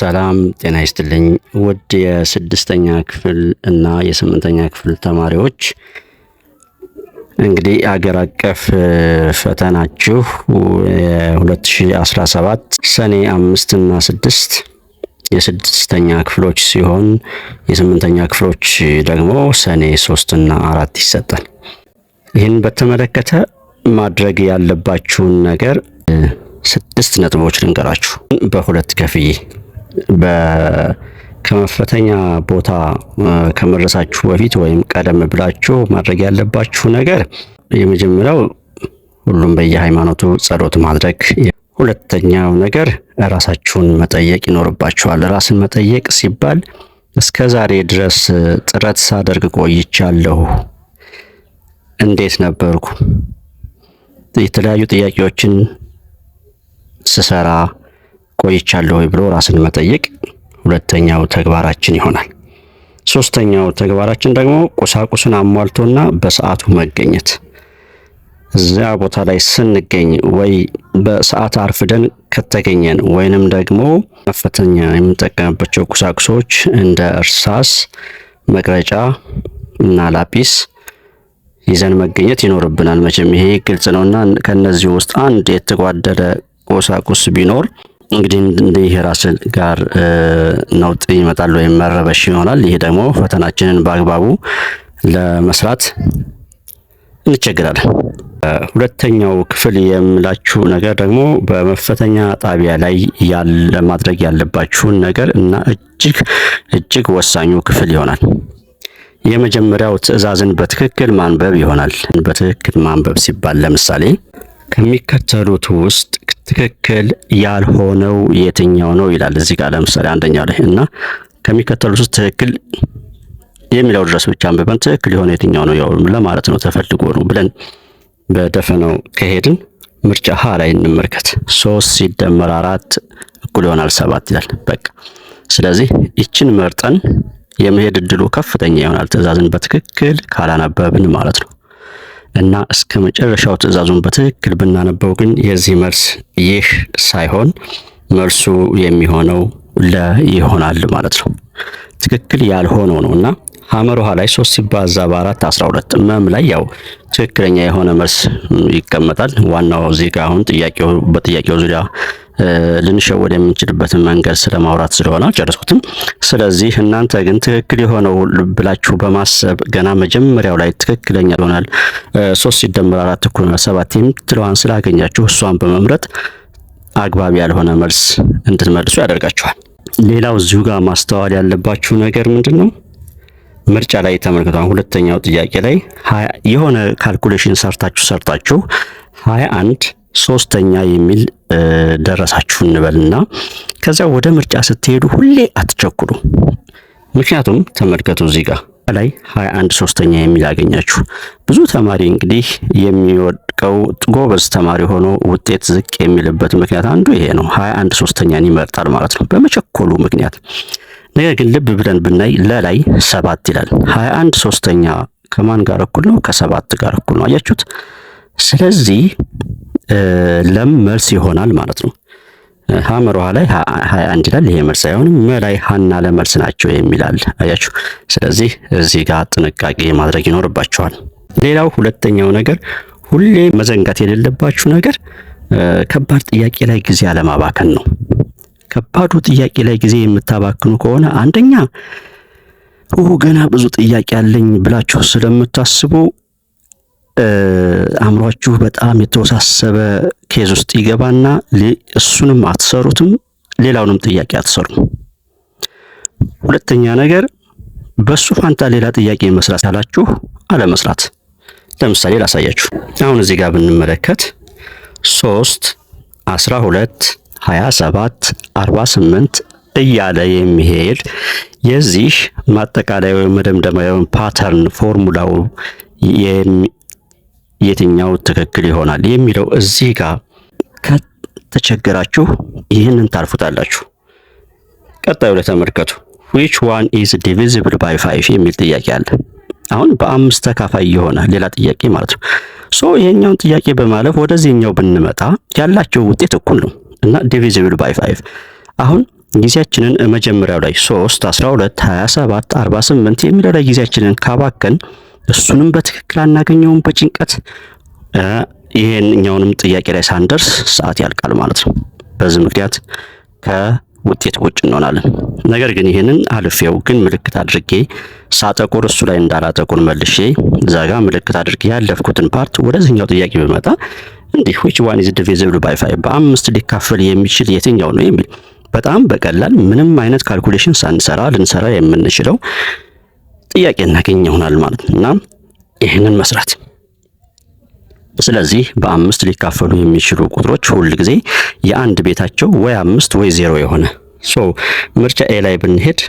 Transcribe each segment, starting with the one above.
ሰላም ጤና ይስጥልኝ ውድ የስድስተኛ ክፍል እና የስምንተኛ ክፍል ተማሪዎች እንግዲህ አገር አቀፍ ፈተናችሁ የ2017 ሰኔ አምስት እና ስድስት የስድስተኛ ክፍሎች ሲሆን የስምንተኛ ክፍሎች ደግሞ ሰኔ ሶስት እና አራት ይሰጣል። ይህን በተመለከተ ማድረግ ያለባችሁን ነገር ስድስት ነጥቦች ልንገራችሁ በሁለት ከፍዬ ከመፈተኛ ቦታ ከመድረሳችሁ በፊት ወይም ቀደም ብላችሁ ማድረግ ያለባችሁ ነገር የመጀመሪያው ሁሉም በየሃይማኖቱ ጸሎት ማድረግ፣ ሁለተኛው ነገር ራሳችሁን መጠየቅ ይኖርባችኋል። ራስን መጠየቅ ሲባል እስከ ዛሬ ድረስ ጥረት ሳደርግ ቆይቻለሁ፣ እንዴት ነበርኩ? የተለያዩ ጥያቄዎችን ስሰራ ቆይቻለሁ ወይ ብሎ ራስን መጠየቅ ሁለተኛው ተግባራችን ይሆናል። ሶስተኛው ተግባራችን ደግሞ ቁሳቁሱን አሟልቶና በሰዓቱ መገኘት። እዚያ ቦታ ላይ ስንገኝ ወይ በሰዓት አርፍደን ከተገኘን ወይንም ደግሞ መፈተኛ የምንጠቀምባቸው ቁሳቁሶች እንደ እርሳስ፣ መቅረጫ እና ላጲስ ይዘን መገኘት ይኖርብናል። መቼም ይሄ ግልጽ ነውና ከነዚህ ውስጥ አንድ የተጓደለ ቁሳቁስ ቢኖር እንግዲህ ይህ ራስ ጋር ነውጥ ይመጣል ወይም መረበሽ ይሆናል። ይሄ ደግሞ ፈተናችንን በአግባቡ ለመስራት እንቸግራለን። ሁለተኛው ክፍል የምላችሁ ነገር ደግሞ በመፈተኛ ጣቢያ ላይ ማድረግ ያለባችሁን ነገር እና እጅግ እጅግ ወሳኙ ክፍል ይሆናል። የመጀመሪያው ትዕዛዝን በትክክል ማንበብ ይሆናል። በትክክል ማንበብ ሲባል ለምሳሌ ከሚከተሉት ውስጥ ትክክል ያልሆነው የትኛው ነው ይላል እዚህ ጋር ለምሳሌ አንደኛው ላይ እና ከሚከተሉት ውስጥ ትክክል የሚለው ድረስ ብቻ አንብበን ትክክል የሆነ የትኛው ነው ያው ለማለት ነው ተፈልጎ ነው ብለን በደፈነው ከሄድን ምርጫ ሀ ላይ እንመልከት። ሶስት ሲደመር አራት እኩል ይሆናል ሰባት ይላል። በቃ ስለዚህ ይችን መርጠን የመሄድ እድሉ ከፍተኛ ይሆናል፣ ትዕዛዝን በትክክል ካላነበብን ማለት ነው። እና እስከ መጨረሻው ትዕዛዙን በትክክል ብናነበው ግን የዚህ መልስ ይህ ሳይሆን መልሱ የሚሆነው ለ ይሆናል ማለት ነው። ትክክል ያልሆነው ነው እና ውሃ ላይ ሶስት ሲባዛ በአራት አስራ ሁለት መም ላይ ያው ትክክለኛ የሆነ መልስ ይቀመጣል። ዋናው እዚህ ጋር አሁን ጥያቄው በጥያቄው ዙሪያ ልንሸወድ የምንችልበትን መንገድ ስለማውራት ስለሆነ ጨርሱትም። ስለዚህ እናንተ ግን ትክክል የሆነው ብላችሁ በማሰብ ገና መጀመሪያው ላይ ትክክለኛ ይሆናል ሶስት ሲደመር አራት እኩል ሰባት የምትለዋን ስላገኛችሁ እሷን በመምረጥ አግባብ ያልሆነ መልስ እንድትመልሱ ያደርጋችኋል። ሌላው እዚሁ ጋር ማስተዋል ያለባችሁ ነገር ምንድን ነው? ምርጫ ላይ ተመልክቷል። ሁለተኛው ጥያቄ ላይ የሆነ ካልኩሌሽን ሰርታችሁ ሰርታችሁ አንድ ሶስተኛ የሚል ደረሳችሁ እንበልና ከዚያ ወደ ምርጫ ስትሄዱ ሁሌ አትቸኩሉ። ምክንያቱም ተመልከቱ እዚህ ጋር ላይ 21 ሶስተኛ የሚል አገኛችሁ። ብዙ ተማሪ እንግዲህ የሚወድቀው ጎበዝ ተማሪ ሆኖ ውጤት ዝቅ የሚልበት ምክንያት አንዱ ይሄ ነው። 21 ሶስተኛን ይመርጣል ማለት ነው በመቸኮሉ ምክንያት። ነገር ግን ልብ ብለን ብናይ ለላይ ሰባት ይላል። 21 ሶስተኛ ከማን ጋር እኩል ነው? ከሰባት ጋር እኩል ነው። አያችሁት? ስለዚህ ለም መልስ ይሆናል ማለት ነው። ሀመር ውሃ ላይ ሀያ አንድ ይላል። ይሄ መልስ አይሆንም። መላይ ሀና ለመልስ ናቸው የሚላል አያችሁ። ስለዚህ እዚህ ጋር ጥንቃቄ ማድረግ ይኖርባቸዋል። ሌላው ሁለተኛው ነገር ሁሌ መዘንጋት የሌለባችሁ ነገር ከባድ ጥያቄ ላይ ጊዜ አለማባከን ነው። ከባዱ ጥያቄ ላይ ጊዜ የምታባክኑ ከሆነ አንደኛ ገና ብዙ ጥያቄ አለኝ ብላችሁ ስለምታስቡ አእምሯችሁ በጣም የተወሳሰበ ኬዝ ውስጥ ይገባና እሱንም አትሰሩትም፣ ሌላውንም ጥያቄ አትሰሩም። ሁለተኛ ነገር በሱ ፋንታ ሌላ ጥያቄ መስራት ያላችሁ አለመስራት። ለምሳሌ ላሳያችሁ። አሁን እዚህ ጋር ብንመለከት ሶስት አስራ ሁለት ሀያ ሰባት አርባ ስምንት እያለ የሚሄድ የዚህ ማጠቃለያ ወይም መደምደማ ወይም ፓተርን ፎርሙላው የትኛው ትክክል ይሆናል የሚለው እዚህ ጋር ከተቸገራችሁ ይህንን ታልፉታላችሁ። ቀጣዩ ላይ which ዊች ዋን ኢዝ by 5 የሚል ጥያቄ አለ። አሁን በአምስት ተካፋይ የሆነ ሌላ ጥያቄ ማለት ነው። ሶ ይሄኛውን ጥያቄ በማለፍ ወደዚህኛው ብንመጣ ያላቸው ውጤት እኩል ነው እና divisible by 5 አሁን ጊዜያችንን መጀመሪያው ላይ 3 12 27 48 የሚለው ላይ ጊዜያችንን ካባከን እሱንም በትክክል አናገኘውም በጭንቀት ይሄንኛውንም ጥያቄ ላይ ሳንደርስ ሰዓት ያልቃል ማለት ነው። በዚህ ምክንያት ከውጤት ውጭ እንሆናለን። ነገር ግን ይሄንን አልፌው ግን ምልክት አድርጌ ሳጠቁር እሱ ላይ እንዳላጠቁር መልሼ እዛ ጋር ምልክት አድርጌ ያለፍኩትን ፓርት ወደዚህኛው ጥያቄ ብመጣ እንዲህ ዊች ዋን ኢዝ ዲቪዚብል ባይ ፋይቭ በአምስት ሊካፈል የሚችል የትኛው ነው የሚል በጣም በቀላል ምንም አይነት ካልኩሌሽን ሳንሰራ ልንሰራ የምንችለው ጥያቄ እናገኝ ይሆናል ማለት ነው እና ይህንን መስራት ስለዚህ በአምስት ሊካፈሉ የሚችሉ ቁጥሮች ሁል ጊዜ የአንድ ቤታቸው ወይ አምስት ወይ ዜሮ የሆነ ሶ ምርጫ ኤ ላይ ብንሄድ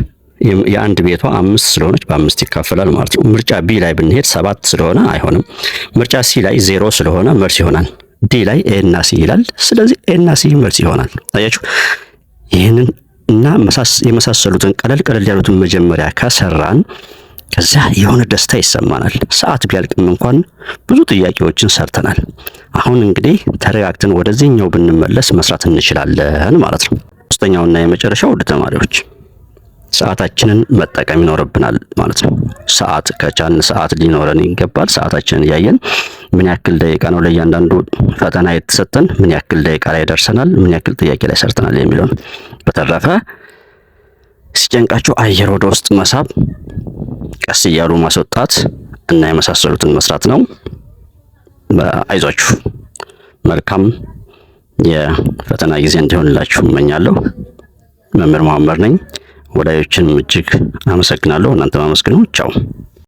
የአንድ ቤቷ አምስት ስለሆነች በአምስት ይካፈላል ማለት ነው። ምርጫ ቢ ላይ ብንሄድ ሰባት ስለሆነ አይሆንም። ምርጫ ሲ ላይ ዜሮ ስለሆነ መልስ ይሆናል። ዲ ላይ ኤ እና ሲ ይላል። ስለዚህ ኤ እና ሲ መልስ ይሆናል። ታያችሁ ይህንን እና የመሳሰሉትን ቀለል ቀለል ያሉትን መጀመሪያ ከሰራን ከዚያ የሆነ ደስታ ይሰማናል። ሰዓት ቢያልቅም እንኳን ብዙ ጥያቄዎችን ሰርተናል። አሁን እንግዲህ ተረጋግተን ወደዚህኛው ብንመለስ መስራት እንችላለን ማለት ነው። ሶስተኛውና የመጨረሻው ውድ ተማሪዎች ሰዓታችንን መጠቀም ይኖርብናል ማለት ነው። ሰዓት ከቻን ሰዓት ሊኖረን ይገባል። ሰዓታችንን እያየን ምን ያክል ደቂቃ ነው ለእያንዳንዱ ፈተና የተሰጠን፣ ምን ያክል ደቂቃ ላይ ደርሰናል፣ ምን ያክል ጥያቄ ላይ ሰርተናል የሚለውን በተረፈ ሲጨንቃችሁ አየር ወደ ውስጥ መሳብ ቀስ እያሉ ማስወጣት እና የመሳሰሉትን መስራት ነው። አይዟችሁ፣ መልካም የፈተና ጊዜ እንዲሆንላችሁ እመኛለሁ። መምህር መሐመድ ነኝ። ወዳጆችንም እጅግ አመሰግናለሁ። እናንተም አመስግነው። ቻው